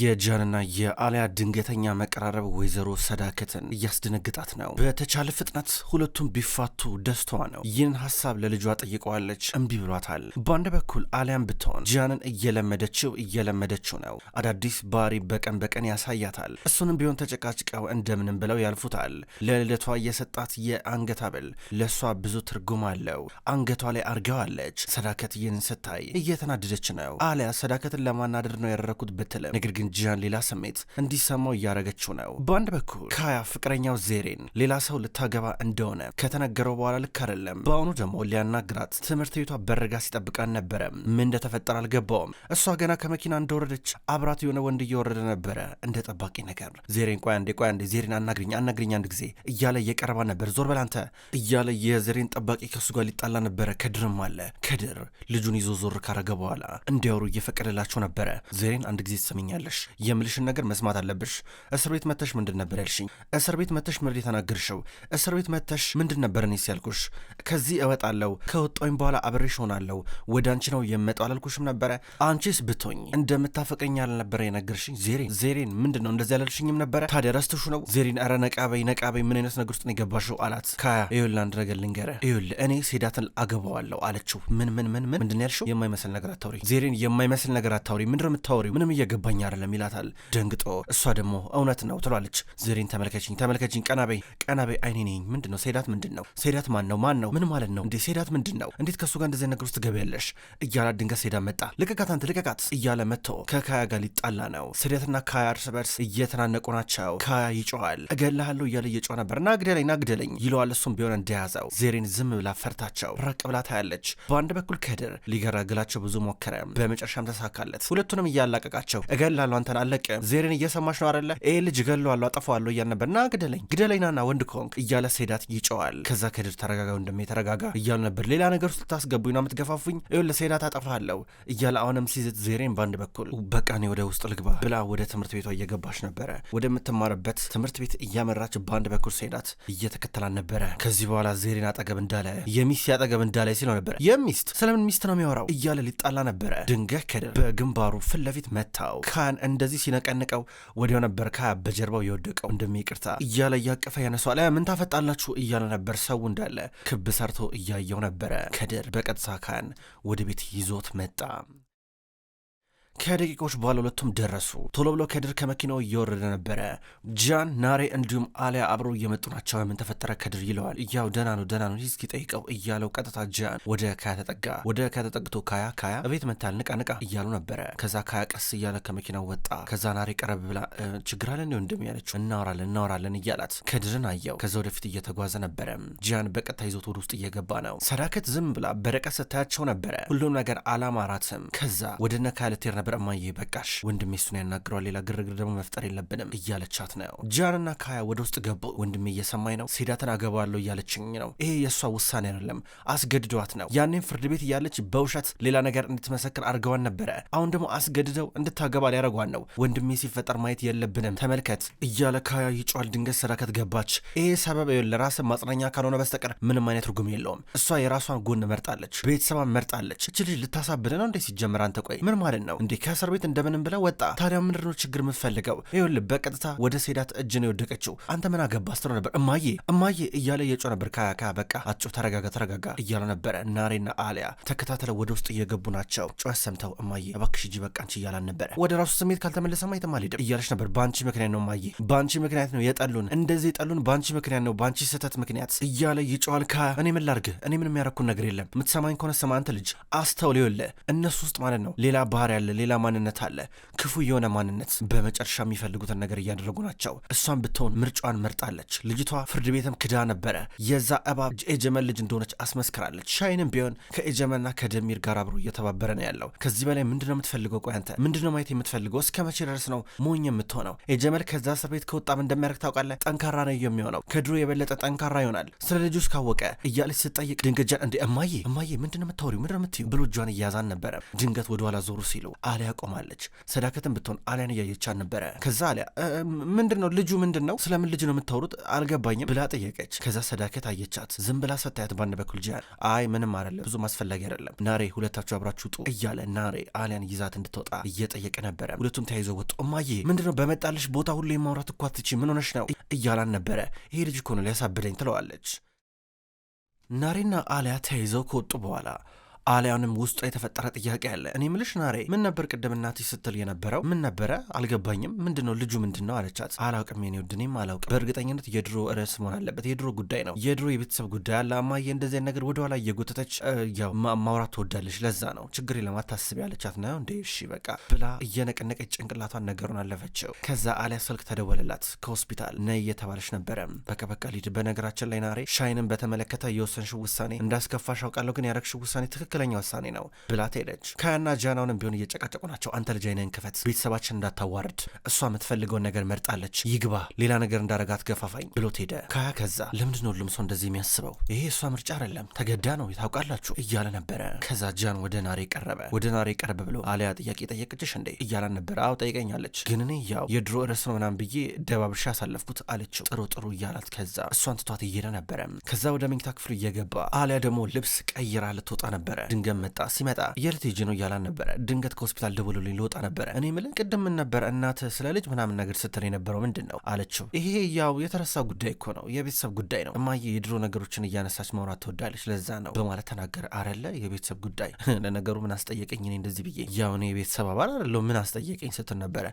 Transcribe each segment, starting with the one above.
የጃንና የአሊያ ድንገተኛ መቀራረብ ወይዘሮ ሰዳከትን እያስደነግጣት ነው። በተቻለ ፍጥነት ሁለቱም ቢፋቱ ደስታዋ ነው። ይህንን ሀሳብ ለልጇ ጠይቀዋለች፣ እምቢ ብሏታል። በአንድ በኩል አሊያም ብትሆን ጃንን እየለመደችው እየለመደችው ነው። አዳዲስ ባህሪ በቀን በቀን ያሳያታል። እሱንም ቢሆን ተጨቃጭቀው እንደምንም ብለው ያልፉታል። ለልደቷ የሰጣት የአንገት ሀብል ለእሷ ብዙ ትርጉም አለው። አንገቷ ላይ አርገዋለች። ሰዳከት ይህንን ስታይ እየተናደደች ነው። አሊያ ሰዳከትን ለማናደድ ነው ያደረኩት ብትልም ግን ጂያን ሌላ ስሜት እንዲሰማው እያደረገችው ነው። በአንድ በኩል ካያ ፍቅረኛው ዜሬን ሌላ ሰው ልታገባ እንደሆነ ከተነገረው በኋላ ልክ አይደለም። በአሁኑ ደግሞ ሊያናግራት ትምህርት ቤቷ በረጋ ሲጠብቃን ነበረ። ምን እንደተፈጠረ አልገባውም። እሷ ገና ከመኪና እንደወረደች አብራት የሆነ ወንድ እየወረደ ነበረ እንደ ጠባቂ ነገር። ዜሬን ቆያ እንዴ ቆያ እንዴ ዜሬን አናግሪኝ አናግሪኝ አንድ ጊዜ እያለ እየቀረባ ነበር። ዞር በላንተ እያለ የዜሬን ጠባቂ ከሱ ጋር ሊጣላ ነበረ። ከድርም አለ። ከድር ልጁን ይዞ ዞር ካረገ በኋላ እንዲያወሩ እየፈቀደላቸው ነበረ። ዜሬን አንድ ጊዜ ትሰምኛለህ ትሰሚኛለሽ? የምልሽን ነገር መስማት አለብሽ። እስር ቤት መተሽ ምንድን ነበር ያልሽኝ? እስር ቤት መተሽ ምንድን የተናገርሽው? እስር ቤት መተሽ ምንድን ነበር እኔስ ያልኩሽ? ከዚህ እወጣለሁ፣ ከወጣኝ በኋላ አብሬሽ ሆናለሁ፣ ወደ አንቺ ነው የመጣው አላልኩሽም ነበረ? አንቺስ ብትሆኝ እንደምታፈቀኝ ያልነበረ የነገርሽኝ ዜሬን። ዜሬን ምንድን ነው እንደዚህ ያላልሽኝም ነበረ? ታዲያ ረስትሹ ነው ዜሬን? ኧረ ነቃበይ፣ ነቃበይ፣ ምን አይነት ነገር ውስጥ ነው የገባሽው? አላት። ካያ። ይኸውልህ፣ አንድ ነገር ልንገርህ፣ ይኸውልህ እኔ ሴዳትን አገባዋለሁ አለችው። ምን ምን ምን ምን ምንድን ያልሽው? የማይመስል ነገር አታውሪ ዜሬን፣ የማይመስል ነገር አታውሪ። ምንድን ነው የምታወሪው? ምንም እየገባኝ አይደለም ይላታል። ደንግጦ እሷ ደግሞ እውነት ነው ትሏለች። ዝሬን ተመልከችኝ፣ ተመልከችኝ፣ ቀናበይ፣ ቀናበይ፣ አይኔ ነኝ። ምንድን ነው ሴዳት? ምንድን ነው ሴዳት? ማን ነው? ማን ነው? ምን ማለት ነው እንዴ? ሴዳት ምንድን ነው? እንዴት ከእሱ ጋር እንደዚህ ነገር ውስጥ ገበያለሽ? እያላ ድንገት ሴዳት መጣ። ልቀቃት፣ አንተ ልቀቃት እያለ መጥቶ ከካያ ጋር ሊጣላ ነው። ሴዳትና ካያ እርስ በርስ እየተናነቁ ናቸው። ካያ ይጮኋል። እገልሃለሁ እያለ እየጮኸ ነበር። ና ግደለኝ፣ ና ግደለኝ ይለዋል። እሱም ቢሆን እንደያዘው ዜሬን ዝም ብላ ፈርታቸው ረቅ ብላ ታያለች። በአንድ በኩል ከድር ሊገራግላቸው ብዙ ሞከረ፣ በመጨረሻም ተሳካለት። ሁለቱንም እያላቀቃቸው እገላ እገላለሁ፣ አንተን አለቀ ዜሬን እየሰማሽ ነው አደለ? ይህ ልጅ እገለዋለሁ፣ አጠፋዋለሁ እያል ነበር። ና ግደለኝ፣ ግደለኝ፣ ናና ወንድ ከሆንክ እያለ ሴዳት ይጨዋል። ከዛ ከድር ተረጋጋ፣ ወንድሜ ተረጋጋ እያሉ ነበር። ሌላ ነገር ውስጥ ልታስገቡኝ ነው የምትገፋፉኝ፣ ይኸውልህ ለሴዳት አጠፋለሁ እያለ አሁንም ሲዝት፣ ዜሬን በአንድ በኩል በቃ እኔ ወደ ውስጥ ልግባ ብላ ወደ ትምህርት ቤቷ እየገባች ነበረ። ወደምትማርበት ትምህርት ቤት እያመራች በአንድ በኩል ሴዳት እየተከተላን ነበረ። ከዚህ በኋላ ዜሬን አጠገብ እንዳለ የሚስት ያጠገብ እንዳለ ሲለው ነበረ። የሚስት ስለምን ሚስት ነው የሚያወራው እያለ ሊጣላ ነበረ። ድንገት ከድር በግንባሩ ፊት ለፊት መታው። ሀናን እንደዚህ ሲነቀንቀው ወዲያው ነበር ከ በጀርባው የወደቀው። እንደሚቅርታ እያለ እያቀፈ ያነሷል። ምን ታፈጣላችሁ እያለ ነበር። ሰው እንዳለ ክብ ሰርቶ እያየው ነበረ። ከድር በቀጥታ ካን ወደ ቤት ይዞት መጣ። ከደቂቆች በኋላ ሁለቱም ደረሱ። ቶሎ ብሎ ከድር ከመኪናው እየወረደ ነበረ። ጃን ናሬ፣ እንዲሁም አሊያ አብረው እየመጡ ናቸው። ምን ተፈጠረ ከድር ይለዋል። እያው ደህና ነው ደህና ነው እስኪ ጠይቀው እያለው ቀጥታ ጃን ወደ ካያ ተጠጋ። ወደ ካያ ተጠግቶ ካያ ካያ እቤት መታል ንቃ ንቃ እያሉ ነበረ። ከዛ ካያ ቀስ እያለ ከመኪናው ወጣ። ከዛ ናሬ ቀረብ ብላ ችግር አለ ነው ያለችው እናወራለን እናወራለን እያላት ከድርን አየው። ከዛ ወደፊት እየተጓዘ ነበረ። ጃን በቀጥታ ይዞት ወደ ውስጥ እየገባ ነው። ሰዳከት ዝም ብላ በርቀት ስታያቸው ነበረ። ሁሉም ነገር አላማራትም። ከዛ ወደ ካያ ልትሄድ ነበር። እማዬ በቃሽ፣ ወንድሜ እሱን ያናግረዋል፣ ሌላ ግርግር ደግሞ መፍጠር የለብንም እያለቻት ነው። ጂያንና ካያ ወደ ውስጥ ገቡ። ወንድሜ እየሰማኝ ነው፣ ሴዳትን አገባዋለሁ እያለችኝ ነው። ይሄ የእሷ ውሳኔ አይደለም፣ አስገድደዋት ነው። ያኔም ፍርድ ቤት እያለች በውሸት ሌላ ነገር እንድትመሰክር አድርገዋን ነበረ። አሁን ደግሞ አስገድደው እንድታገባ ሊያደርጓን ነው። ወንድሜ ሲፈጠር ማየት የለብንም፣ ተመልከት እያለ ካያ ይጮሃል። ድንገት ሰረከት ገባች። ይሄ ሰበብ ለራስ ማጽናኛ ካልሆነ በስተቀር ምንም አይነት ትርጉም የለውም። እሷ የራሷን ጎን መርጣለች፣ ቤተሰባን መርጣለች። እች ልጅ ልታሳብደ ነው እንዴ? ሲጀምር አንተ ቆይ ምን ማለት ነው? እንዴ ከእስር ቤት እንደምንም ብለ ወጣ። ታዲያ ምንድን ነው ችግር የምፈልገው? ይሁል በቀጥታ ወደ ሴዳት እጅ ነው የወደቀችው። አንተ ምን አገባ ስትለው ነበር። እማዬ እማዬ እያለ የጮ ነበር። ካያካ በቃ አጮ ተረጋጋ፣ ተረጋጋ እያለ ነበረ። ናሬና አሊያ ተከታተለ ወደ ውስጥ እየገቡ ናቸው። ጮኸት ሰምተው እማዬ እባክሽ እጂ በቃ አንቺ እያላን ነበረ። ወደ ራሱ ስሜት ካልተመለሰ ማየትም አልሄድም እያለች ነበር። በአንቺ ምክንያት ነው እማዬ፣ በአንቺ ምክንያት ነው የጠሉን፣ እንደዚህ የጠሉን በአንቺ ምክንያት ነው፣ በአንቺ ስህተት ምክንያት እያለ ይጮዋል። ከ እኔ ምን ላድርግህ? እኔ ምንም ያረኩን ነገር የለም። የምትሰማኝ ከሆነ ስማ አንተ ልጅ አስተውል። ይኸውልህ እነሱ ውስጥ ማለት ነው ሌላ ባህር ያለ ሌላ ማንነት አለ፣ ክፉ የሆነ ማንነት። በመጨረሻ የሚፈልጉትን ነገር እያደረጉ ናቸው። እሷን ብትሆን ምርጫዋን መርጣለች። ልጅቷ ፍርድ ቤትም ክዳ ነበረ። የዛ እባብ ኤጀመን ልጅ እንደሆነች አስመስክራለች። ሻይንም ቢሆን ከኤጀመልና ከደሚር ጋር አብሮ እየተባበረ ነው ያለው። ከዚህ በላይ ምንድነው የምትፈልገው? ቆይ አንተ ምንድነው ማየት የምትፈልገው? እስከ መቼ ድረስ ነው ሞኝ የምትሆነው? ኤጀመል ከዛ እስር ቤት ከወጣም እንደሚያደርግ ታውቃለህ። ጠንካራ ነው የሚሆነው፣ ከድሮ የበለጠ ጠንካራ ይሆናል። ስለ ልጁ እስካወቀ እያለች ስጠይቅ ድንገጃን እንዴ እማዬ እማዬ ምንድነው የምታወሪው? ምንድነው የምትይው? ብሎ እጇን እያዛን ነበረ። ድንገት ወደኋላ ዞሩ ሲሉ አሊያ ቆማለች። ሰዳከትን ብትሆን አሊያን እያየቻን ነበረ። ከዛ አሊያ ምንድን ነው ልጁ ምንድን ነው ስለምን ልጅ ነው የምታወሩት አልገባኝም ብላ ጠየቀች። ከዛ ሰዳከት አየቻት። ዝም ብላ ሰታያት ባንድ በኩል ጃል አይ ምንም አይደለም ብዙም አስፈላጊ አይደለም ናሬ ሁለታችሁ አብራችሁ ውጡ እያለ ናሬ አሊያን ይዛት እንድትወጣ እየጠየቀ ነበረ። ሁለቱም ተያይዞ ወጡ። እማዬ ምንድን ነው በመጣልሽ ቦታ ሁሉ የማውራት እኮ አትችይ ምን ሆነሽ ነው እያላን ነበረ። ይሄ ልጅ እኮ ነው ሊያሳብደኝ ትለዋለች። ናሬና አሊያ ተያይዘው ከወጡ በኋላ አሊያንም ውስጧ የተፈጠረ ጥያቄ አለ። እኔ ምልሽ ናሬ፣ ምን ነበር ቅድም እናትሽ ስትል የነበረው? ምን ነበረ አልገባኝም። ምንድን ነው ልጁ ምንድን ነው አለቻት። አላውቅም፣ የኔ ውድ፣ እኔም አላውቅም። በእርግጠኝነት የድሮ ርዕስ መሆን አለበት። የድሮ ጉዳይ ነው፣ የድሮ የቤተሰብ ጉዳይ አለ። እማዬ እንደዚህ ነገር ወደኋላ እየጎተተች ያው ማውራት ትወዳለች። ለዛ ነው ችግር ለማታስብ ያለቻት ነው። እንዴ እሺ በቃ ብላ እየነቀነቀች ጭንቅላቷን ነገሩን አለፈችው። ከዛ አሊያ ስልክ ተደወለላት ከሆስፒታል ነ እየተባለች ነበረ። በቃ በቃ ሊድ፣ በነገራችን ላይ ናሬ፣ ሻይንን በተመለከተ የወሰንሽው ውሳኔ እንዳስከፋሽ አውቃለሁ፣ ግን ያረግሽው ውሳኔ ትክክል ትክክለኛ ውሳኔ ነው ብላ ሄደች። ካያና ጃናውንም ቢሆን እየጨቃጨቁ ናቸው። አንተ ልጅ አይነን ክፈት፣ ቤተሰባችን እንዳታዋርድ፣ እሷ የምትፈልገውን ነገር መርጣለች፣ ይግባ፣ ሌላ ነገር እንዳረጋት ገፋፋኝ ብሎት ሄደ። ካያ ከዛ ለምንድን ሁሉም ሰው እንደዚህ የሚያስበው ይሄ እሷ ምርጫ አይደለም ተገዳ ነው ታውቃላችሁ እያለ ነበረ። ከዛ ጃን ወደ ናሬ ቀረበ። ወደ ናሬ ቀረበ ብሎ አሊያ ጥያቄ ጠየቅችሽ እንዴ እያላን ነበረ። አዎ ጠይቀኛለች፣ ግን እኔ ያው የድሮ ርዕስ ነው ምናምን ብዬ ደባብሻ ያሳለፍኩት አለችው። ጥሩ ጥሩ እያላት ከዛ እሷን ትቷት እየሄደ ነበረ። ከዛ ወደ መኝታ ክፍሉ እየገባ አሊያ ደግሞ ልብስ ቀይራ ልትወጣ ነበረ። ድንገት መጣ። ሲመጣ የልትጅ ነው እያላን ነበረ። ድንገት ከሆስፒታል ደውሎልኝ ልወጣ ነበረ። እኔ ምልን ቅድም ምን ነበረ እናት ስለ ልጅ ምናምን ነገር ስትል የነበረው ምንድን ነው አለችው። ይሄ ያው የተረሳ ጉዳይ እኮ ነው፣ የቤተሰብ ጉዳይ ነው። እማዬ የድሮ ነገሮችን እያነሳች ማውራት ትወዳለች፣ ለዛ ነው በማለት ተናገረ። አረለ የቤተሰብ ጉዳይ ለነገሩ ምን አስጠየቀኝ እኔ እንደዚህ ብዬ ያው እኔ የቤተሰብ አባል አይደለሁ ምን አስጠየቀኝ ስትል ነበረ።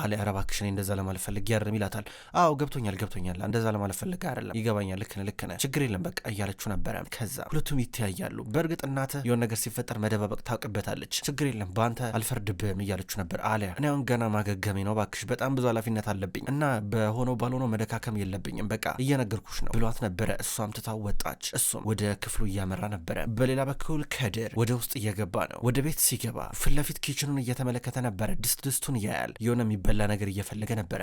አለ ኧረ እባክሽ እኔ እንደዛ ለማለት ፈልጌ አይደለም ይላታል። አዎ ገብቶኛል ገብቶኛል፣ እንደዛ ለማለት ፈልጌ አይደለም ይገባኛል፣ ልክ ነህ ልክ ነህ፣ ችግር የለም በቃ እያለችው ነበረ። ከዛ ሁለቱም ይተያያሉ። በእርግጥ እናትህ ነገር ሲፈጠር መደባበቅ ታውቅበታለች። ችግር የለም በአንተ አልፈርድብህም እያለች ነበር አሊያ። እኔ አሁን ገና ማገገሜ ነው ባክሽ፣ በጣም ብዙ ኃላፊነት አለብኝ እና በሆነው ባልሆነው መደካከም የለብኝም በቃ እየነገርኩሽ ነው ብሏት ነበረ። እሷም ትታው ወጣች። እሱም ወደ ክፍሉ እያመራ ነበረ። በሌላ በኩል ከድር ወደ ውስጥ እየገባ ነው። ወደ ቤት ሲገባ ፊት ለፊት ኪችኑን እየተመለከተ ነበረ። ድስት ድስቱን እያያል የሆነ የሚበላ ነገር እየፈለገ ነበረ።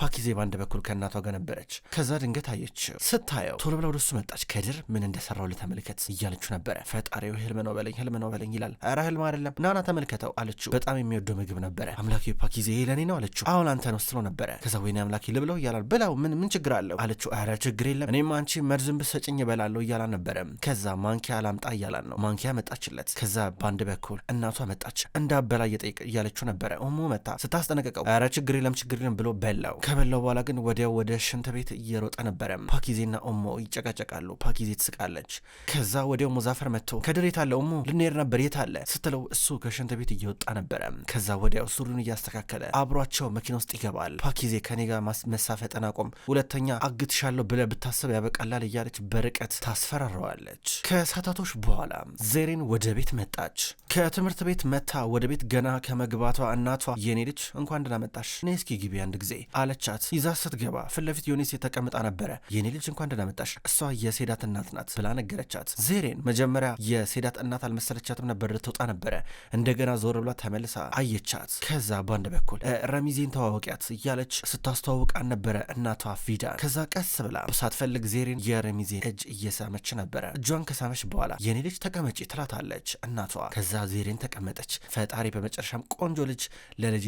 ፓኪዜ በአንድ በኩል ከእናቷ ጋር ነበረች። ከዛ ድንገት አየችው። ስታየው ቶሎ ብላ ወደሱ መጣች። ከድር ምን እንደሰራው ልተመልከት እያለችው ነበረ። ፈጣሪው ህልም ነው ነው በለኝ፣ ህልም ነው በለኝ ይላል። ኧረ ህልም አይደለም ናና ተመልከተው አለችው። በጣም የሚወደው ምግብ ነበረ። አምላኬ ፓኪዜ ይሄ ለእኔ ነው አለችው። አሁን አንተ ነው ስትለው ነበረ። ከዛ ወይኔ አምላኬ ልብለው እያላል ብላው ምን ምን ችግር አለው አለችው። ኧረ ችግር የለም እኔም አንቺ መርዝም ብሰጭኝ እበላለሁ እያላ ነበረ። ከዛ ማንኪያ አላምጣ እያላን ነው። ማንኪያ መጣችለት። ከዛ በአንድ በኩል እናቷ መጣች። እንዳበላ እየጠየቅ እያለችው ነበረ። ሞ መታ ስታስጠነቀቀው ኧረ ችግር የለም ችግር የለም ብሎ በላው። ከበላው በኋላ ግን ወዲያው ወደ ሽንት ቤት እየሮጠ ነበረ። ፓኪዜና ኦሞ ይጨቃጨቃሉ። ፓኪዜ ትስቃለች። ከዛ ወዲያው ሙዛፈር መጥቶ ከድሬት የት አለ ቆሞ ልንሄድ ነበር የት አለ ስትለው እሱ ከሽንት ቤት እየወጣ ነበረ። ከዛ ወዲያው ሱሪን እያስተካከለ አብሯቸው መኪና ውስጥ ይገባል። ፓኪዜ ከኔ ጋር መሳፈጠን አቆም፣ ሁለተኛ አግትሻለሁ ብለ ብታሰብ ያበቃላል እያለች በርቀት ታስፈራረዋለች። ከሰዓታቶች በኋላ ዜሬን ወደ ቤት መጣች። ከትምህርት ቤት መታ ወደ ቤት ገና ከመግባቷ እናቷ የኔ ልጅ እንኳን ደህና መጣሽ፣ ነይ እስኪ ግቢ አንድ ጊዜ አለቻት። ይዛ ስትገባ ፊት ለፊት የሆነ ሴት ተቀምጣ ነበረ። የኔ ልጅ እንኳን ደህና መጣሽ፣ እሷ የሴዳት እናት ናት ብላ ነገረቻት። ዜሬን መጀመሪያ የሴዳት እናት አልመሰለቻትም ነበር፣ ልትወጣ ነበረ። እንደገና ዞር ብላ ተመልሳ አየቻት። ከዛ በአንድ በኩል ረሚዜን ተዋወቂያት እያለች ስታስተዋውቃን ነበረ እናቷ ፊዳን ከዛ ቀስ ብላ ሳትፈልግ ዜሬን የረሚዜን እጅ እየሳመች ነበረ። እጇን ከሳመች በኋላ የኔ ልጅ ተቀመጪ ትላታለች እናቷ። ከዛ ዜሬን ተቀመጠች። ፈጣሪ በመጨረሻም ቆንጆ ልጅ ለልጅ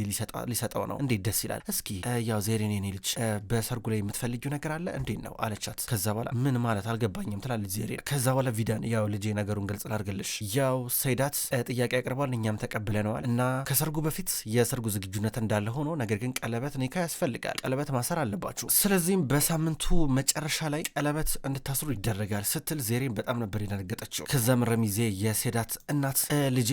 ሊሰጠው ነው፣ እንዴት ደስ ይላል። እስኪ ያው ዜሬን የኔ ልጅ በሰርጉ ላይ የምትፈልጊው ነገር አለ እንዴት ነው አለቻት። ከዛ በኋላ ምን ማለት አልገባኝም ትላለች ዜሬን። ከዛ በኋላ ቪዳን ያው ልጄ ነገሩን ግልጽ ላድርግልሽ ያው ሰይዳት ጥያቄ ያቀርባል፣ እኛም ተቀብለነዋል እና ከሰርጉ በፊት የሰርጉ ዝግጁነት እንዳለ ሆኖ ነገር ግን ቀለበት ኒካ ያስፈልጋል። ቀለበት ማሰር አለባችሁ። ስለዚህም በሳምንቱ መጨረሻ ላይ ቀለበት እንድታስሩ ይደረጋል ስትል ዜሬን በጣም ነበር የደነገጠችው። ከዛም ረሚዜ የሴዳት እናት ልጄ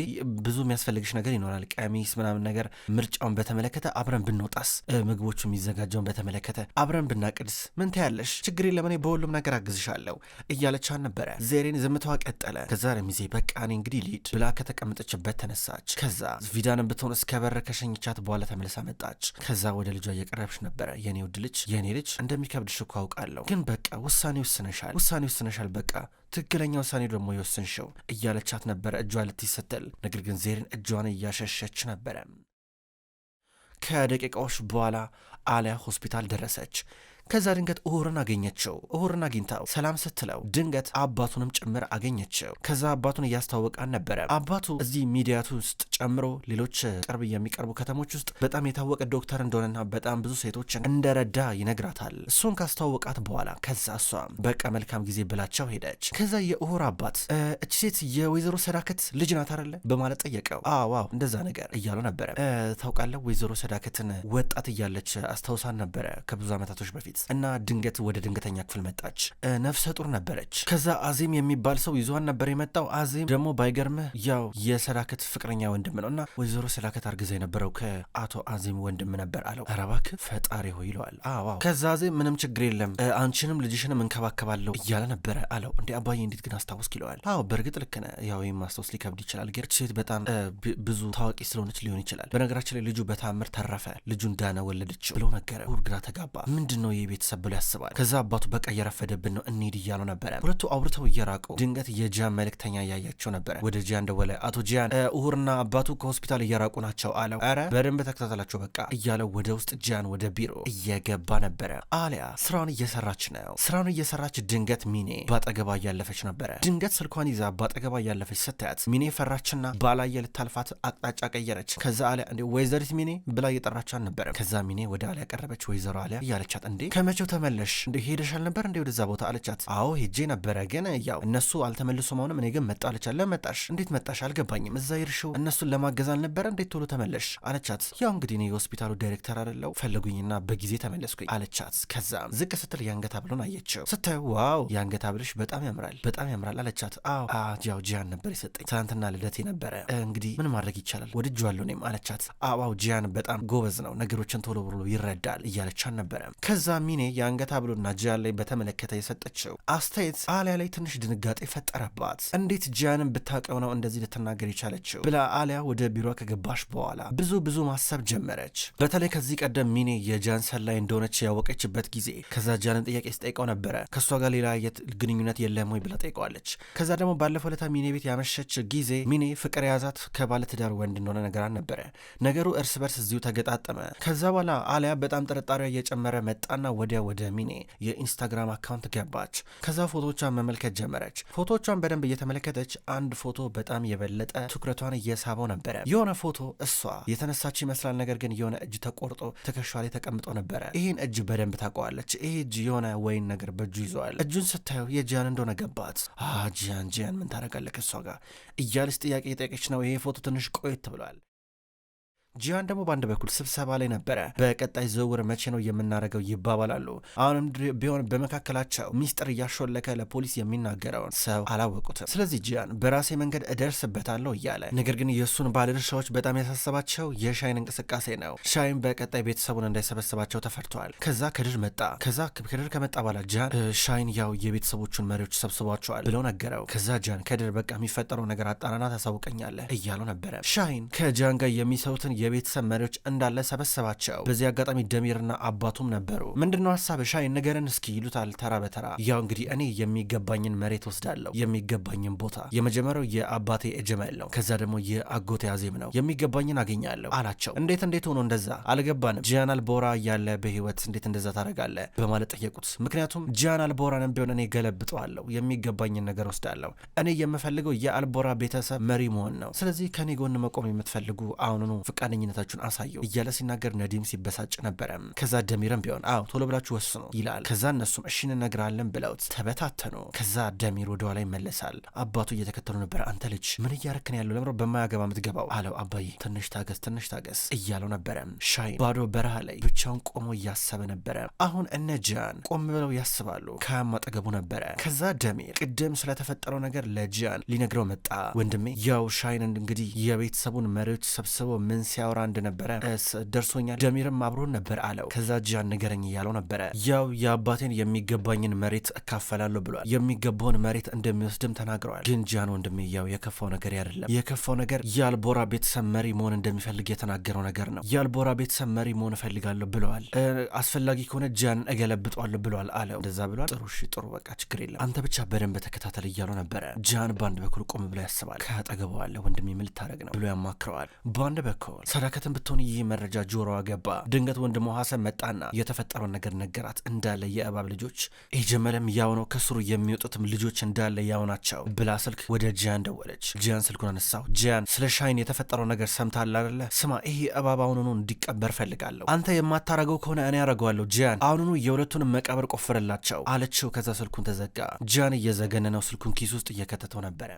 ብዙ የሚያስፈልግሽ ነገር ይኖራል፣ ቀሚስ ምናምን ነገር፣ ምርጫውን በተመለከተ አብረን ብንወጣስ፣ ምግቦቹ የሚዘጋጀውን በተመለከተ አብረን ብናቅድስ፣ ምን ታያለሽ? ችግሬን ለምን በሁሉም ነገር አግዝሻለሁ እያለቻን ነበረ። ዜሬን ዝምታዋ ቀጠለ። ከዛ ረሚዜ በቃ እኔ እንግዲህ ሊድ ብላ ከተቀመጠችበት ተነሳች። ከዛ ቪዳንን ብትሆን እስከ በር ከሸኝቻት በኋላ ተመልሳ መጣች። ከዛ ወደ ልጇ እየቀረብች ነበረ። የኔ ውድ ልጅ፣ የኔ ልጅ እንደሚከብድሽ እኮ አውቃለሁ፣ ግን በቃ ውሳኔ ወስነሻል፣ ውሳኔ ወስነሻል። በቃ ትክክለኛ ውሳኔ ደግሞ የወስንሽው እያለቻት ነበረ እጇ ልትሰጠል። ነገር ግን ዜሬን እጇን እያሸሸች ነበረ። ከደቂቃዎች በኋላ አሊያ ሆስፒታል ደረሰች። ከዛ ድንገት እሁርን አገኘችው። እሁርን አግኝታው ሰላም ስትለው ድንገት አባቱንም ጭምር አገኘችው። ከዛ አባቱን እያስተዋወቃን ነበረ። አባቱ እዚህ ሚዲያቱ ውስጥ ጨምሮ ሌሎች ቅርብ የሚቀርቡ ከተሞች ውስጥ በጣም የታወቀ ዶክተር እንደሆነና በጣም ብዙ ሴቶችን እንደረዳ ይነግራታል። እሱን ካስተዋወቃት በኋላ ከዛ እሷ በቃ መልካም ጊዜ ብላቸው ሄደች። ከዛ የእሁር አባት እች ሴት የወይዘሮ ሰዳከት ልጅ ናት አይደለ? በማለት ጠየቀው። አዋው እንደዛ ነገር እያሉ ነበረ። ታውቃለህ ወይዘሮ ሰዳከትን ወጣት እያለች አስታውሳን ነበረ ከብዙ ዓመታቶች በፊት እና ድንገት ወደ ድንገተኛ ክፍል መጣች። ነፍሰ ጡር ነበረች። ከዛ አዜም የሚባል ሰው ይዟን ነበር የመጣው። አዜም ደግሞ ባይገርምህ ያው የሰላከት ፍቅረኛ ወንድም ነው እና ወይዘሮ ሰላከት አርግዛ የነበረው ከአቶ አዜም ወንድም ነበር አለው። ኧረ እባክህ ፈጣሪ ሆይ ይለዋል። አዎ ከዛ አዜም ምንም ችግር የለም አንቺንም ልጅሽንም እንከባከባለሁ እያለ ነበረ አለው። እንዴ አባዬ እንዴት ግን አስታወስክ ይለዋል። አዎ በእርግጥ ልክ ነህ። ያው ይህም ማስታወስ ሊከብድ ይችላል፣ ግን ሴት በጣም ብዙ ታዋቂ ስለሆነች ሊሆን ይችላል። በነገራችን ላይ ልጁ በታምር ተረፈ፣ ልጁን ዳነ፣ ወለደችው ብለው ነገረ። ውርግራ ተጋባ ምንድን ነው ቤተሰብ ብሎ ያስባል። ከዛ አባቱ በቃ እየረፈደብን ነው እንሂድ እያለው ነበረ። ሁለቱ አውርተው እየራቁ ድንገት የጂያን መልእክተኛ እያያቸው ነበረ። ወደ ጂያን ደወለ። አቶ ጂያን እሁርና አባቱ ከሆስፒታል እየራቁ ናቸው አለው። ኧረ በደንብ ተከታተላቸው በቃ እያለው ወደ ውስጥ ጂያን ወደ ቢሮ እየገባ ነበረ። አሊያ ስራውን እየሰራች ነው። ስራውን እየሰራች ድንገት ሚኔ ባጠገባ እያለፈች ነበረ። ድንገት ስልኳን ይዛ ባጠገባ እያለፈች ስታያት ሚኔ ፈራችና ባላየ ልታልፋት አቅጣጫ ቀየረች። ከዛ አሊያ እንዴ ወይዘሪት ሚኔ ብላ እየጠራች አልነበረም። ከዛ ሚኔ ወደ አሊያ ቀረበች። ወይዘሮ አሊያ እያለቻት እንዴ ከመቼው ተመለሽ? እንደ ሄደሻል ነበር እንደ ወደዛ ቦታ አለቻት። አዎ ሄጄ ነበረ፣ ግን ያው እነሱ አልተመልሱ መሆንም እኔ ግን መጣ አለቻት። ለመጣሽ እንዴት መጣሽ? አልገባኝም። እዛ ይርሽው እነሱን ለማገዝ አልነበረ እንዴት ቶሎ ተመለሽ አለቻት። ያው እንግዲህ እኔ የሆስፒታሉ ዳይሬክተር አደለው ፈለጉኝና በጊዜ ተመለስኩኝ አለቻት። ከዛም ዝቅ ስትል የአንገት ሀብሉን አየችው። ስታዩ ዋው የአንገት ሀብልሽ በጣም ያምራል፣ በጣም ያምራል አለቻት። አዎ ያው ጂያን ነበር የሰጠኝ ትናንትና ልደቴ ነበረ። እንግዲህ ምን ማድረግ ይቻላል ወድጄዋለሁ እኔም አለቻት። አዋው ጂያን በጣም ጎበዝ ነው፣ ነገሮችን ቶሎ ብሎ ይረዳል እያለቻን ነበረ ከዛ ሚኔ የአንገት ሐብሉና ጂያን ላይ በተመለከተ የሰጠችው አስተያየት አሊያ ላይ ትንሽ ድንጋጤ ፈጠረባት። እንዴት ጂያንን ብታውቀው ነው እንደዚህ ልትናገር የቻለችው ብላ አሊያ ወደ ቢሮ ከገባሽ በኋላ ብዙ ብዙ ማሰብ ጀመረች። በተለይ ከዚህ ቀደም ሚኔ የጂያን ሰላይ እንደሆነች ያወቀችበት ጊዜ ከዛ ጂያንን ጥያቄ ስጠይቀው ነበረ። ከእሷ ጋር ሌላ ግንኙነት የለም ወይ ብላ ጠይቀዋለች። ከዛ ደግሞ ባለፈው ዕለት ሚኔ ቤት ያመሸች ጊዜ ሚኔ ፍቅር የያዛት ከባለትዳር ወንድ እንደሆነ ነገራን ነበረ። ነገሩ እርስ በርስ እዚሁ ተገጣጠመ። ከዛ በኋላ አሊያ በጣም ጥርጣሬ እየጨመረ መጣና ወዲያ ወደ ሚኔ የኢንስታግራም አካውንት ገባች። ከዛ ፎቶቿን መመልከት ጀመረች። ፎቶቿን በደንብ እየተመለከተች አንድ ፎቶ በጣም የበለጠ ትኩረቷን እየሳበው ነበረ። የሆነ ፎቶ እሷ የተነሳች ይመስላል፣ ነገር ግን የሆነ እጅ ተቆርጦ ትከሻ ላይ ተቀምጦ ነበረ። ይህን እጅ በደንብ ታውቀዋለች። ይሄ እጅ የሆነ ወይን ነገር በእጁ ይዘዋል። እጁን ስታየው የጂያን እንደሆነ ገባት። ጂያን ጂያን ምን ታደርጋለህ እሷ ጋር እያለች ጥያቄ የጠየቀች ነው። ይሄ ፎቶ ትንሽ ቆየት ብሏል። ጂያን ደግሞ በአንድ በኩል ስብሰባ ላይ ነበረ። በቀጣይ ዝውውር መቼ ነው የምናደርገው ይባባላሉ። አሁንም ቢሆን በመካከላቸው ሚስጥር እያሾለከ ለፖሊስ የሚናገረውን ሰው አላወቁትም። ስለዚህ ጂያን በራሴ መንገድ እደርስበታለሁ እያለ ነገር ግን የእሱን ባለድርሻዎች በጣም ያሳሰባቸው የሻይን እንቅስቃሴ ነው። ሻይን በቀጣይ ቤተሰቡን እንዳይሰበስባቸው ተፈርቷል። ከዛ ከድር መጣ። ከዛ ከድር ከመጣ በኋላ ጂያን ሻይን ያው የቤተሰቦቹን መሪዎች ሰብስቧቸዋል ብለው ነገረው። ከዛ ጂያን ከድር በቃ የሚፈጠረው ነገር አጣናና ታሳውቀኛለህ እያለው ነበረ። ሻይን ከጂያን ጋር የሚሰሩትን የቤተሰብ መሪዎች እንዳለ ሰበሰባቸው። በዚህ አጋጣሚ ደሚርና አባቱም ነበሩ። ምንድነው ሀሳብ ሻይ ንገረን እስኪ ይሉታል ተራ በተራ። ያው እንግዲህ እኔ የሚገባኝን መሬት ወስዳለሁ፣ የሚገባኝን ቦታ። የመጀመሪያው የአባቴ ኤጅመል ነው፣ ከዛ ደግሞ የአጎቴ አዜም ነው። የሚገባኝን አገኛለሁ አላቸው። እንዴት እንዴት ሆኖ እንደዛ አልገባንም። ጂያን አልቦራ እያለ በህይወት እንዴት እንደዛ ታደርጋለ በማለት ጠየቁት። ምክንያቱም ጂያን አልቦራንም ቢሆን እኔ ገለብጠዋለሁ፣ የሚገባኝን ነገር ወስዳለሁ። እኔ የምፈልገው የአልቦራ ቤተሰብ መሪ መሆን ነው። ስለዚህ ከኔ ጎን መቆም የምትፈልጉ አሁኑኑ ፍቃድ ፈቃደኝነታችሁን አሳየው እያለ ሲናገር ነዲም ሲበሳጭ ነበረ። ከዛ ደሚርም ቢሆን አዎ ቶሎ ብላችሁ ወስኑ ይላል። ከዛ እነሱም እሺ እንነግርሃለን ብለውት ተበታተኑ። ከዛ ደሚር ወደ ኋላ ይመለሳል። አባቱ እየተከተሉ ነበረ። አንተ ልጅ ምን እያረክን ያለው ለምረ በማያገባ ምትገባው አለው። አባዬ ትንሽ ታገስ፣ ትንሽ ታገስ እያለው ነበረ። ሻይ ባዶ በረሃ ላይ ብቻውን ቆሞ እያሰበ ነበረ። አሁን እነ ጃን ቆም ብለው ያስባሉ። ከያም አጠገቡ ነበረ። ከዛ ደሚር ቅድም ስለተፈጠረው ነገር ለጃን ሊነግረው መጣ። ወንድሜ ያው ሻይን እንግዲህ የቤተሰቡን መሪዎች ሰብስበው ምን ሲያ ሲያወራ እንደነበረ ደርሶኛል፣ ደሚርም አብሮን ነበር አለው። ከዛ ጃን ንገረኝ እያለው ነበረ። ያው የአባቴን የሚገባኝን መሬት እካፈላለሁ ብሏል። የሚገባውን መሬት እንደሚወስድም ተናግረዋል። ግን ጃን ወንድሜ ያው የከፋው ነገር አይደለም። የከፋው ነገር የአልቦራ ቤተሰብ መሪ መሆን እንደሚፈልግ የተናገረው ነገር ነው። የአልቦራ ቤተሰብ መሪ መሆን እፈልጋለሁ ብለዋል። አስፈላጊ ከሆነ ጃን እገለብጧለሁ ብለዋል አለው። እንደዛ ብሏል። ጥሩ እሺ፣ ጥሩ በቃ ችግር የለም። አንተ ብቻ በደንብ ተከታተል እያለው ነበረ። ጃን በአንድ በኩል ቆም ብሎ ያስባል። ከአጠገበዋለ ወንድሜ ምን ነው ብሎ ያማክረዋል። በአንድ በኩል ሰዳከትን ብትሆን ይህ መረጃ ጆሮዋ ገባ። ድንገት ወንድሟ ሀሰን መጣና የተፈጠረውን ነገር ነገራት። እንዳለ የእባብ ልጆች የጀመለም ያው ነው፣ ከስሩ የሚወጡትም ልጆች እንዳለ ያው ናቸው ብላ ስልክ ወደ ጂያን ደወለች። ጂያን ስልኩን አነሳው። ጂያን ስለ ሻይን የተፈጠረው ነገር ሰምታል አይደለ? ስማ ይሄ እባብ አሁኑኑ እንዲቀበር ፈልጋለሁ። አንተ የማታረገው ከሆነ እኔ ያረገዋለሁ። ጂያን አሁኑኑ የሁለቱን መቃብር ቆፍርላቸው አለችው። ከዛ ስልኩን ተዘጋ። ጂያን እየዘገነነው ስልኩን ኪስ ውስጥ እየከተተው ነበረ።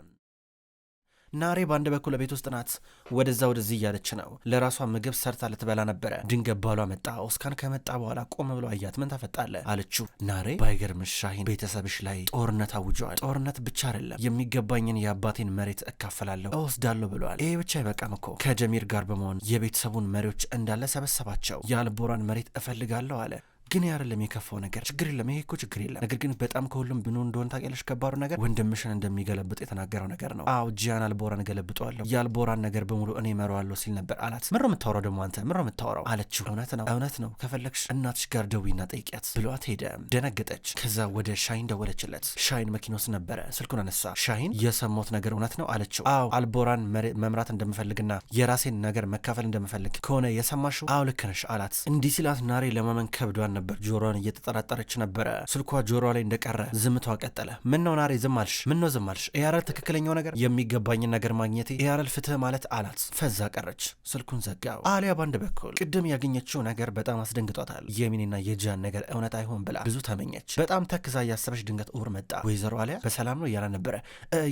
ናሬ በአንድ በኩል ቤት ውስጥ ናት። ወደዛ ወደዚህ እያለች ነው። ለራሷ ምግብ ሰርታ ልትበላ ነበረ። ድንገት ባሏ መጣ። ኦስካን ከመጣ በኋላ ቆም ብሎ አያት። ምን ታፈጣለ አለችው። ናሬ ባይገርምሽ ሻሂን ቤተሰብሽ ላይ ጦርነት አውጇል። ጦርነት ብቻ አይደለም የሚገባኝን የአባቴን መሬት እካፈላለሁ እወስዳለሁ ብሏል። ይሄ ብቻ አይበቃም እኮ ከጀሚር ጋር በመሆን የቤተሰቡን መሪዎች እንዳለ ሰበሰባቸው። የአልቦራን መሬት እፈልጋለሁ አለ። ግን ያደለም የከፋው ነገር ችግር የለም፣ ይሄ እኮ ችግር የለም። ነገር ግን በጣም ከሁሉም ብኑ እንደሆነ ታውቂያለሽ፣ ከባዱ ነገር ወንድምሽን እንደሚገለብጥ የተናገረው ነገር ነው። አዎ ጂያን አልቦራን ገለብጠዋለሁ፣ የአልቦራን ነገር በሙሉ እኔ መረዋለሁ ሲል ነበር አላት። ምሮ የምታወራው ደግሞ አንተ ምሮ የምታወራው አለችው። እውነት ነው እውነት ነው፣ ከፈለግሽ እናትሽ ጋር ደዊና ጠይቂያት ብሏት ሄደ። ደነገጠች። ከዛ ወደ ሻይን ደወለችለት። ሻይን መኪኖስ ነበረ። ስልኩን አነሳ። ሻይን የሰሞት ነገር እውነት ነው አለችው። አዎ አልቦራን መምራት እንደምፈልግና የራሴን ነገር መካፈል እንደምፈልግ ከሆነ የሰማሽው? አዎ ልክ ነሽ አላት። እንዲህ ሲላት ናሬ ለማመን ከብዷን ነበር ነበር። ጆሮዋን እየተጠራጠረች ነበረ። ስልኳ ጆሮዋ ላይ እንደቀረ ዝምቷ ቀጠለ። ምነው ናሬ ዝም አልሽ? ምነው ዝም አልሽ? ትክክለኛው ነገር የሚገባኝን ነገር ማግኘቴ ኤአርኤል ፍትህ ማለት አላት። ፈዛ ቀረች። ስልኩን ዘጋው። አሊያ በአንድ በኩል ቅድም ያገኘችው ነገር በጣም አስደንግጧታል። የሚኒና የጂያን ነገር እውነት አይሆን ብላ ብዙ ተመኘች። በጣም ተክዛ እያሰበች ድንገት ኡር መጣ። ወይዘሮ አሊያ በሰላም ነው እያለ ነበረ።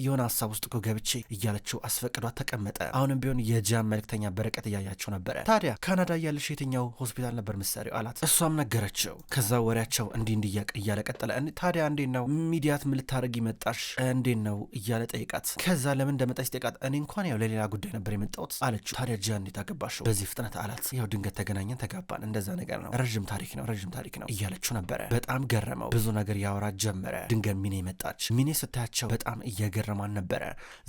የሆነ ሀሳብ ውስጥ እኮ ገብቼ እያለችው አስፈቅዷት ተቀመጠ። አሁንም ቢሆን የጂያን መልክተኛ በርቀት እያያቸው ነበረ። ታዲያ ካናዳ እያለሽ የትኛው ሆስፒታል ነበር ምሳሌው አላት። እሷም ነገረች ነገረችው። ከዛ ወሬያቸው እንዲህ እንዲያቅ እያለ ቀጠለ። ታዲያ እንዴት ነው ሚዲያት ምን ልታደርጊ መጣሽ? እንዴት ነው እያለ ጠይቃት። ከዛ ለምን እንደመጣች ጠይቃት። እኔ እንኳን ያው ለሌላ ጉዳይ ነበር የመጣሁት አለችው። ታዲያ ጂያን እንዴት አገባሽው በዚህ ፍጥነት አላት። ያው ድንገት ተገናኘን፣ ተጋባን፣ እንደዛ ነገር ነው። ረዥም ታሪክ ነው፣ ረዥም ታሪክ ነው እያለችው ነበረ። በጣም ገረመው። ብዙ ነገር ያወራት ጀመረ። ድንገት ሚኔ መጣች። ሚኔ ስታያቸው በጣም እየገረማን ነበረ።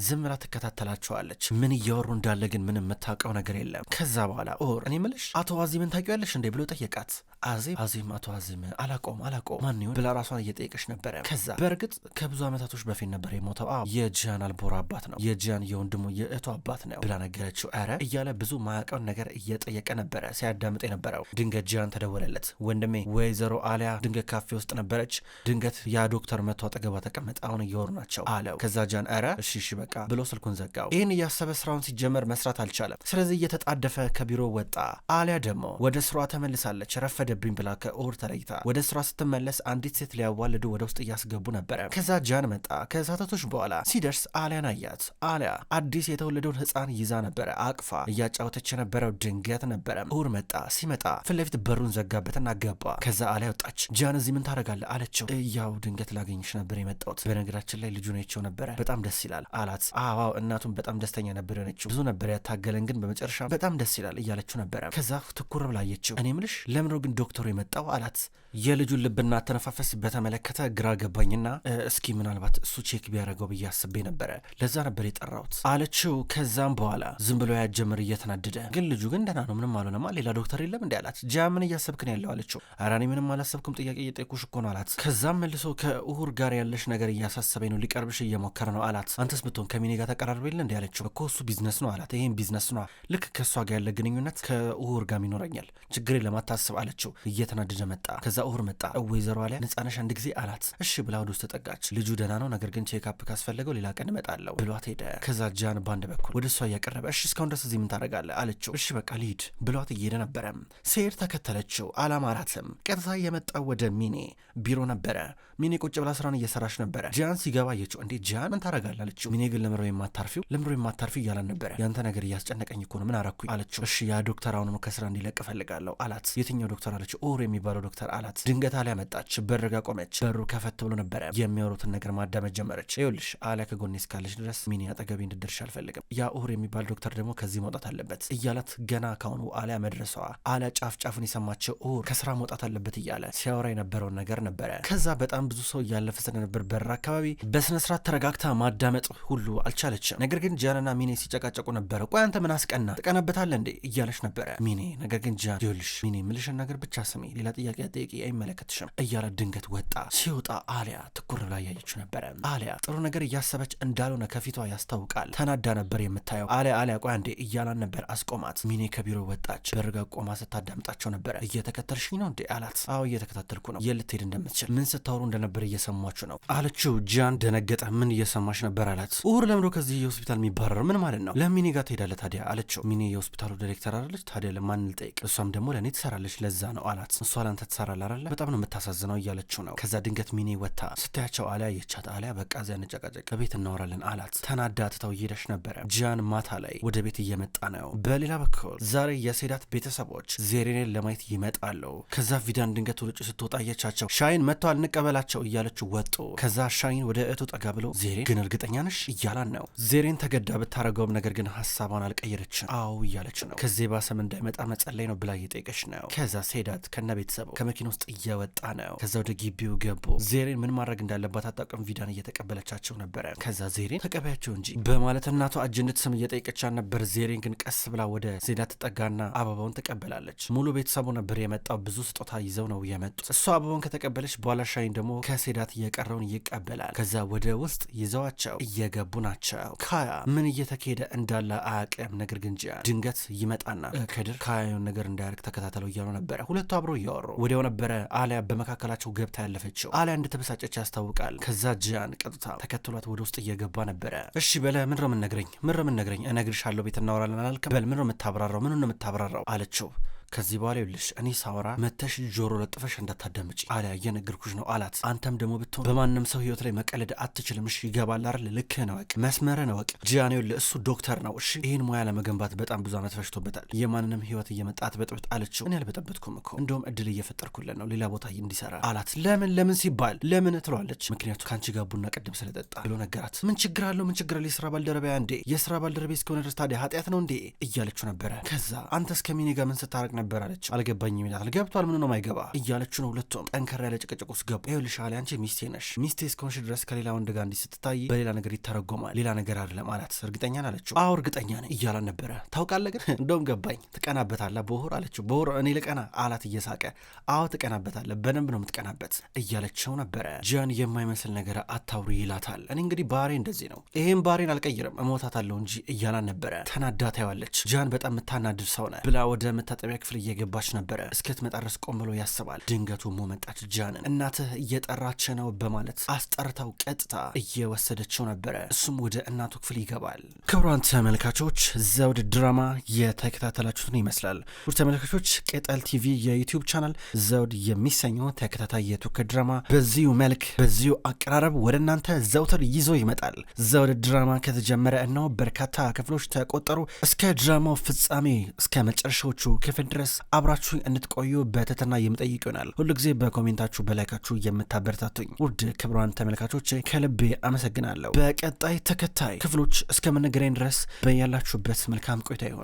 ዝም ብላ ትከታተላቸዋለች። ምን እያወሩ እንዳለ ግን ምንም የምታውቀው ነገር የለም። ከዛ በኋላ ኦር እኔ ምልሽ አቶ ዋዚ አዜብን ታውቂዋለሽ እንዴ ብሎ ጠየቃት። አዜብ አዜም አቶ አዜም አላቆም አላቆም ማን ይሁን ብላ ራሷን እየጠየቀች ነበረ። ከዛ በእርግጥ ከብዙ ዓመታቶች በፊት ነበር የሞተው። አዎ የጂያን አልቦራ አባት ነው፣ የጂያን የወንድሙ የእህቱ አባት ነው ብላ ነገረችው። አረ እያለ ብዙ ማያውቀውን ነገር እየጠየቀ ነበረ ሲያዳምጥ የነበረው። ድንገት ጂያን ተደወለለት። ወንድሜ ወይዘሮ አሊያ ድንገት ካፌ ውስጥ ነበረች። ድንገት ያ ዶክተር መጥቶ አጠገቧ ተቀመጠ። አሁን እየወሩ ናቸው አለው። ከዛ ጂያን አረ እሺ እሺ በቃ ብሎ ስልኩን ዘጋው። ይህን እያሰበ ስራውን ሲጀመር መስራት አልቻለም። ስለዚህ እየተጣደፈ ከቢሮ ወጣ። አሊያ ደግሞ ወደ ስሯ ተመልሳለች። ረፈደብኝ ብላ ከኦር ተለይታ ወደ ስራ ስትመለስ አንዲት ሴት ሊያዋልዱ ወደ ውስጥ እያስገቡ ነበረ። ከዛ ጃን መጣ። ከሰዓታቶች በኋላ ሲደርስ አሊያን አያት። አሊያ አዲስ የተወለደውን ህፃን ይዛ ነበረ። አቅፋ እያጫወተች የነበረው ድንገት ነበረ። ኦር መጣ። ሲመጣ ፊት ለፊት በሩን ዘጋበትና ገባ። ከዛ አሊያ ወጣች። ጃን እዚህ ምን ታደርጋለህ አለችው። ያው ድንገት ላገኝሽ ነበር የመጣሁት። በነገራችን ላይ ልጁ ነቸው ነበረ በጣም ደስ ይላል አላት። አዋው እናቱን በጣም ደስተኛ ነበር የሆነችው። ብዙ ነበር ያታገለን፣ ግን በመጨረሻ በጣም ደስ ይላል እያለችው ነበረ። ከዛ ትኩር ብላ አየችው። እኔ ምልሽ ለምነው ግን ዶክተሩ የመጣ መጣው አላት። የልጁን ልብና አተነፋፈስ በተመለከተ ግራ ገባኝና እስኪ ምናልባት እሱ ቼክ ቢያደርገው ብዬ አስቤ ነበረ፣ ለዛ ነበር የጠራሁት አለችው። ከዛም በኋላ ዝም ብሎ ያጀምር እየተናደደ ግን ልጁ ግን ደህና ነው ምንም አልሆነማ፣ ሌላ ዶክተር የለም እንዲ አላት። ጃ ምን እያሰብክን ያለው አለችው። ኧረ እኔ ምንም አላሰብኩም ጥያቄ እየጠየኩሽ እኮ ነው አላት። ከዛም መልሶ ከእሁር ጋር ያለሽ ነገር እያሳሰበኝ ነው፣ ሊቀርብሽ እየሞከረ ነው አላት። አንተስ ብትሆን ከሚኔ ጋር ተቀራርበ ተቀራርበል እንዲ አለችው። እኮ እሱ ቢዝነስ ነው አላት። ይህም ቢዝነስ ነ ልክ ከእሷ ጋር ያለ ግንኙነት ከእሁር ጋር ይኖረኛል፣ ችግሬ ለማታስብ አለችው እየተና እየተናደደ መጣ። ከዛ እሁር መጣ። ወይዘሮ አሊያ ነጻነሽ አንድ ጊዜ አላት። እሺ ብላ ወደ ውስጥ ተጠጋች። ልጁ ደህና ነው፣ ነገር ግን ቼክ ካስፈለገው ሌላ ቀን እመጣለሁ ብሏት ሄደ። ከዛ ጃን ባንድ በኩል ወደ እሷ እያቀረበ እሺ እስካሁን ድረስ እዚህ ምን ታደርጋለህ አለችው። እሺ በቃ ልሂድ ብሏት እየሄደ ነበረ። ሴር ተከተለችው። አላማራትም። ቀጥታ የመጣው ወደ ሚኔ ቢሮ ነበረ። ሚኔ ቁጭ ብላ ስራን እየሰራች ነበረ። ጃን ሲገባ አየችው። እንዴ ጃን ምን ታደርጋለህ አለችው። ሚኔ ግን ለምረው የማታርፊው ለምረው የማታርፊው እያላን ነበረ። ያንተ ነገር እያስጨነቀኝ እኮ ነው ምን አረኩኝ አለችው። እሺ ያ ዶክተር አሁኑ ከስራ እንዲለቅ እፈልጋለሁ አላት። የትኛው ዶክተር አለችው። ኦር የሚባለው ዶክተር አላት ድንገት አሊያ መጣች። በር ጋ ቆመች። በሩ ከፈት ብሎ ነበረ። የሚያወሩትን ነገር ማዳመጥ ጀመረች። ይኸውልሽ አሊያ ከጎኔ እስካለች ድረስ ሚኒ አጠገቤ እንድደርሽ አልፈልግም። ያ ኡር የሚባል ዶክተር ደግሞ ከዚህ መውጣት አለበት እያላት ገና ካሁኑ አሊያ መድረሷ አሊያ ጫፍ ጫፉን የሰማቸው ኡር ከስራ መውጣት አለበት እያለ ሲያወራ የነበረውን ነገር ነበረ። ከዛ በጣም ብዙ ሰው እያለፈ ስለነበር በር አካባቢ በስነስርዓት ተረጋግታ ማዳመጥ ሁሉ አልቻለችም። ነገር ግን ጃንና ሚኔ ሲጨቃጨቁ ነበረ። ቆይ አንተ ምን አስቀና ትቀናበታለህ እንዴ እያለች ነበረ ሚኔ። ነገር ግን ጃን ይኸውልሽ ሚኔ ምልሽን ነገር ብቻ ስሜ ሌላ ጥያቄ ጠይቂ አይመለከትሽም እያለ ድንገት ወጣ። ሲወጣ አሊያ ትኩር ብላ እያየችው ነበረ። አሊያ ጥሩ ነገር እያሰበች እንዳልሆነ ከፊቷ ያስታውቃል። ተናዳ ነበር የምታየው። አሊያ አሊያ ቆይ አንዴ እያላን ነበር አስቆማት። ሚኔ ከቢሮ ወጣች። በርጋ ቆማ ስታዳምጣቸው ነበረ። እየተከተልሽኝ ነው እንዴ አላት። አዎ እየተከታተልኩ ነው። የት ልትሄድ እንደምትችል ምን ስታወሩ እንደነበር እየሰማችሁ ነው አለችው። ጂያን ደነገጠ። ምን እየሰማች ነበር አላት። ውር ለምዶ ከዚህ የሆስፒታል የሚባረር ምን ማለት ነው? ለሚኔ ጋር ትሄዳለ ታዲያ አለችው። ሚኔ የሆስፒታሉ ዳይሬክተር አለች ታዲያ ለማን ልጠይቅ? እሷም ደግሞ ለእኔ ትሰራለች ለዛ ነው አላት። እሷ ላንተ ትሰራል አለ በጣም ነው የምታሳዝነው እያለችው ነው። ከዛ ድንገት ሚኔ ወታ ስታያቸው አሊያ የቻት አሊያ በቃ ዚያ እንጨቃጨቅ ከቤት እናወራለን አላት። ተናዳ ትተው እየሄደች ነበረ። ጂያን ማታ ላይ ወደ ቤት እየመጣ ነው። በሌላ በኩል ዛሬ የሴዳት ቤተሰቦች ዜሬኔን ለማየት ይመጣሉ። ከዛ ቪዳን ድንገት ውልጭ ስትወጣ እየቻቸው ሻይን መጥቶ አልንቀበላቸው እያለችው ወጡ። ከዛ ሻይን ወደ እህቱ ጠጋ ብሎ ዜሬ ግን እርግጠኛ ነሽ እያላን ነው። ዜሬን ተገዳ ብታደረገውም ነገር ግን ሀሳቧን አልቀየረችም። አዎ እያለች ነው። ከዚህ ባሰም እንዳይመጣ መጸለይ ነው ብላ እየጠየቀች ነው። ከዛ ሴዳት ከነ ቤተሰቡ ከመኪና ውስጥ እየወጣ ነው። ከዛ ወደ ግቢው ገቡ። ዜሬን ምን ማድረግ እንዳለባት አጣቀም ቪዳን እየተቀበለቻቸው ነበረ። ከዛ ዜሬን ተቀበያቸው እንጂ በማለት እናቷ አጅነት ስም እየጠየቀቻት ነበር። ዜሬን ግን ቀስ ብላ ወደ ዜዳ ትጠጋና አበባውን ትቀበላለች። ሙሉ ቤተሰቡ ነበር የመጣው። ብዙ ስጦታ ይዘው ነው የመጡት። እሷ አበባውን ከተቀበለች በኋላ ሻይን ደግሞ ከሴዳት እየቀረውን ይቀበላል። ከዛ ወደ ውስጥ ይዘዋቸው እየገቡ ናቸው። ካያ ምን እየተካሄደ እንዳለ አያውቅም። ነገር ግን ጂያን ድንገት ይመጣና ከድር ካያየውን ነገር እንዳያርግ ተከታተለው እያሉ ነበረ። ሁለቱ አብረው እያወሩ ወዲያው ነበረ አሊያ በመካከላቸው ገብታ ያለፈችው። አሊያ እንደተበሳጨች ያስታውቃል። ከዛ ጂያን ቀጥታ ተከትሏት ወደ ውስጥ እየገባ ነበረ። እሺ በለ ምን ነው የምነግረኝ ምን ነው የምነግረኝ? እነግርሻለሁ ቤት እናወራለን አላልክም? በል ምን ነው የምታብራራው? ምኑን ነው የምታብራራው አለችው። ከዚህ በኋላ ይኸውልሽ እኔ ሳወራ መተሽ ጆሮ ለጥፈሽ እንዳታዳምጪ አሊያ እየነገርኩሽ ነው አላት። አንተም ደግሞ ብትሆን በማንም ሰው ህይወት ላይ መቀለድ አትችልም። እሺ ይገባል አይደል? ልክህን እወቅ፣ መስመርን እወቅ። ጂያን ይኸውልህ እሱ ዶክተር ነው። እሺ ይህን ሙያ ለመገንባት በጣም ብዙ አመት ፈሽቶበታል። የማንንም ህይወት እየመጣት አትበጥብጥ አለችው። እኔ አልበጠበትኩም እኮ እንደውም እድል እየፈጠርኩለን ነው ሌላ ቦታ እንዲሰራ አላት። ለምን ለምን ሲባል ለምን ትለዋለች። ምክንያቱ ከአንቺ ጋር ቡና ቅድም ስለጠጣ ብሎ ነገራት። ምን ችግር አለው? ምን ችግር አለው? የስራ ባልደረባያ እንዴ? የስራ ባልደረቤ እስከሆነ ድረስ ታዲያ ኃጢአት ነው እንዴ? እያለችው ነበረ። ከዛ አንተ እስከሚኔ ጋር ምን ስታረቅ ነው ነበር አለች። አልገባኝም ይላታል። ገብቷል ምን ነው ማይገባ እያለች ነው። ሁለቱም ጠንከር ያለ ጭቅጭቅ ውስጥ ገቡ። ይኸውልሽ አለ አንቺ ሚስቴ ነሽ፣ ሚስቴ እስከሆንሽ ድረስ ከሌላ ወንድ ጋር እንዲህ ስትታይ በሌላ ነገር ይተረጎማል፣ ሌላ ነገር አይደለም አላት። እርግጠኛን አለችው። አዎ እርግጠኛ ነኝ እያላን ነበረ። ታውቃለህ ግን እንደውም ገባኝ፣ ትቀናበታለህ በሆር አለችው። በሆር እኔ ልቀና አላት እየሳቀ። አዎ ትቀናበታለህ፣ በደንብ ነው የምትቀናበት እያለችው ነበረ። ጂያን የማይመስል ነገር አታውሪ ይላታል። እኔ እንግዲህ ባህሬ እንደዚህ ነው፣ ይሄን ባህሬን አልቀይርም፣ እሞታታለሁ እንጂ እያላን ነበረ። ተናዳ ታየዋለች። ጂያን በጣም የምታናድድ ሰው ነህ ብላ ወደ መታጠቢያ ክፍል ክፍል እየገባች ነበረ። እስክትመጣ ድረስ ቆም ብሎ ያስባል። ድንገቱ ሞ መጣች። ጃንን እናትህ እየጠራች ነው በማለት አስጠርታው ቀጥታ እየወሰደችው ነበረ። እሱም ወደ እናቱ ክፍል ይገባል። ክቡራን ተመልካቾች ዘውድ ድራማ የተከታተላችሁትን ይመስላል። ውድ ተመልካቾች ቅጠል ቲቪ የዩቲዩብ ቻናል ዘውድ የሚሰኘው ተከታታይ የቱርክ ድራማ በዚሁ መልክ በዚሁ አቀራረብ ወደ እናንተ ዘውትር ይዞ ይመጣል። ዘውድ ድራማ ከተጀመረ እነው በርካታ ክፍሎች ተቆጠሩ። እስከ ድራማው ፍጻሜ እስከ መጨረሻዎቹ ክፍል ድረስ ድረስ አብራችሁ እንድትቆዩ በትህትና የምጠይቅ ይሆናል። ሁሉ ጊዜ በኮሜንታችሁ በላይካችሁ የምታበረታቱኝ ውድ ክብሯን ተመልካቾች ከልቤ አመሰግናለሁ። በቀጣይ ተከታይ ክፍሎች እስከምንገናኝ ድረስ በያላችሁበት መልካም ቆይታ ይሆን።